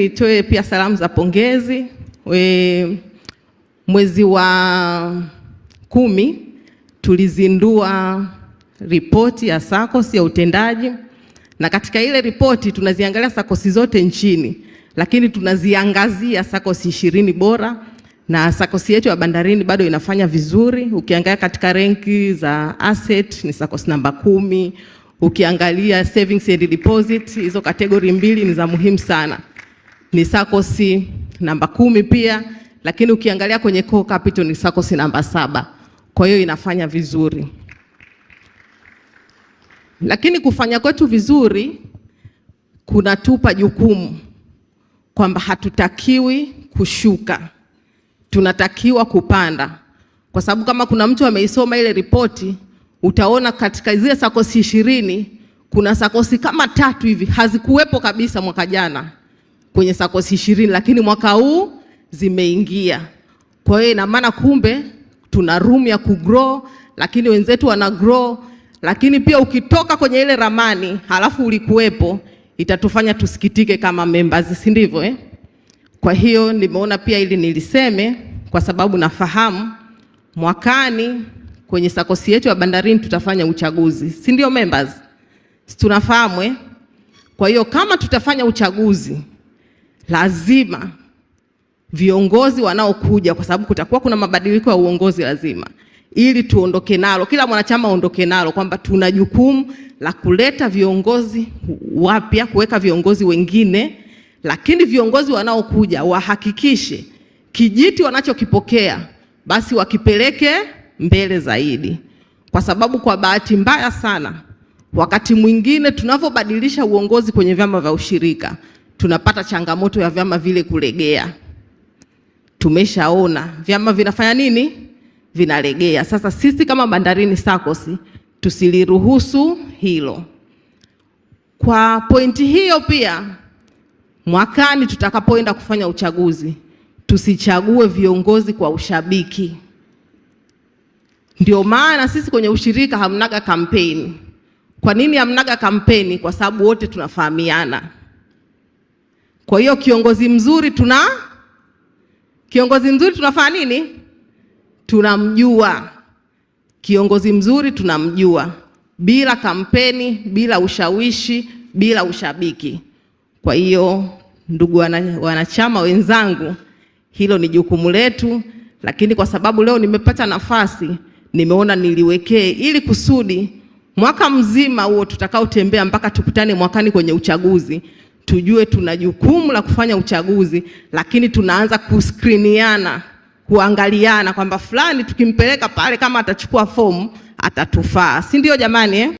Nitoe pia salamu za pongezi we, mwezi wa kumi tulizindua ripoti ya SACCOS ya utendaji, na katika ile ripoti tunaziangalia SACCOS zote nchini, lakini tunaziangazia SACCOS ishirini bora, na SACCOS yetu ya Bandarini bado inafanya vizuri. Ukiangalia katika renki za asset ni SACCOS namba kumi. Ukiangalia savings and deposit, hizo kategori mbili ni za muhimu sana ni sakosi namba kumi pia, lakini ukiangalia kwenye core capital ni sakosi namba saba. Kwa hiyo inafanya vizuri, lakini kufanya kwetu vizuri kunatupa jukumu kwamba hatutakiwi kushuka, tunatakiwa kupanda, kwa sababu kama kuna mtu ameisoma ile ripoti utaona katika zile sakosi ishirini kuna sakosi kama tatu hivi hazikuwepo kabisa mwaka jana kwenye SACCOS ishirini, lakini mwaka huu zimeingia. Kwa hiyo ina maana kumbe tuna room ya kugrow, lakini wenzetu wana grow, lakini pia ukitoka kwenye ile ramani halafu ulikuwepo, itatufanya tusikitike kama members, si ndivyo eh? Kwa hiyo nimeona pia ili niliseme, kwa sababu nafahamu mwakani kwenye SACCOS yetu ya bandarini tutafanya uchaguzi, si ndio members? Si tunafahamu eh? Kwa hiyo kama tutafanya uchaguzi lazima viongozi wanaokuja, kwa sababu kutakuwa kuna mabadiliko ya uongozi, lazima ili tuondoke nalo, kila mwanachama aondoke nalo kwamba tuna jukumu la kuleta viongozi wapya, kuweka viongozi wengine, lakini viongozi wanaokuja wahakikishe kijiti wanachokipokea basi wakipeleke mbele zaidi, kwa sababu kwa bahati mbaya sana wakati mwingine tunavyobadilisha uongozi kwenye vyama vya ushirika tunapata changamoto ya vyama vile kulegea. Tumeshaona vyama vinafanya nini, vinalegea. Sasa sisi kama Bandarini SACCOS tusiliruhusu hilo. Kwa pointi hiyo pia, mwakani tutakapoenda kufanya uchaguzi, tusichague viongozi kwa ushabiki. Ndio maana sisi kwenye ushirika hamnaga kampeni. Kwa nini hamnaga kampeni? Kwa sababu wote tunafahamiana. Kwa hiyo kiongozi mzuri tuna kiongozi mzuri tunafanya nini? Tunamjua kiongozi mzuri, tunamjua bila kampeni, bila ushawishi, bila ushabiki. Kwa hiyo ndugu wanachama wenzangu, hilo ni jukumu letu, lakini kwa sababu leo nimepata nafasi, nimeona niliwekee ili kusudi mwaka mzima huo tutakaotembea mpaka tukutane mwakani kwenye uchaguzi tujue tuna jukumu la kufanya uchaguzi, lakini tunaanza kuskriniana, kuangaliana kwamba fulani tukimpeleka pale, kama atachukua fomu atatufaa, si ndio jamani eh?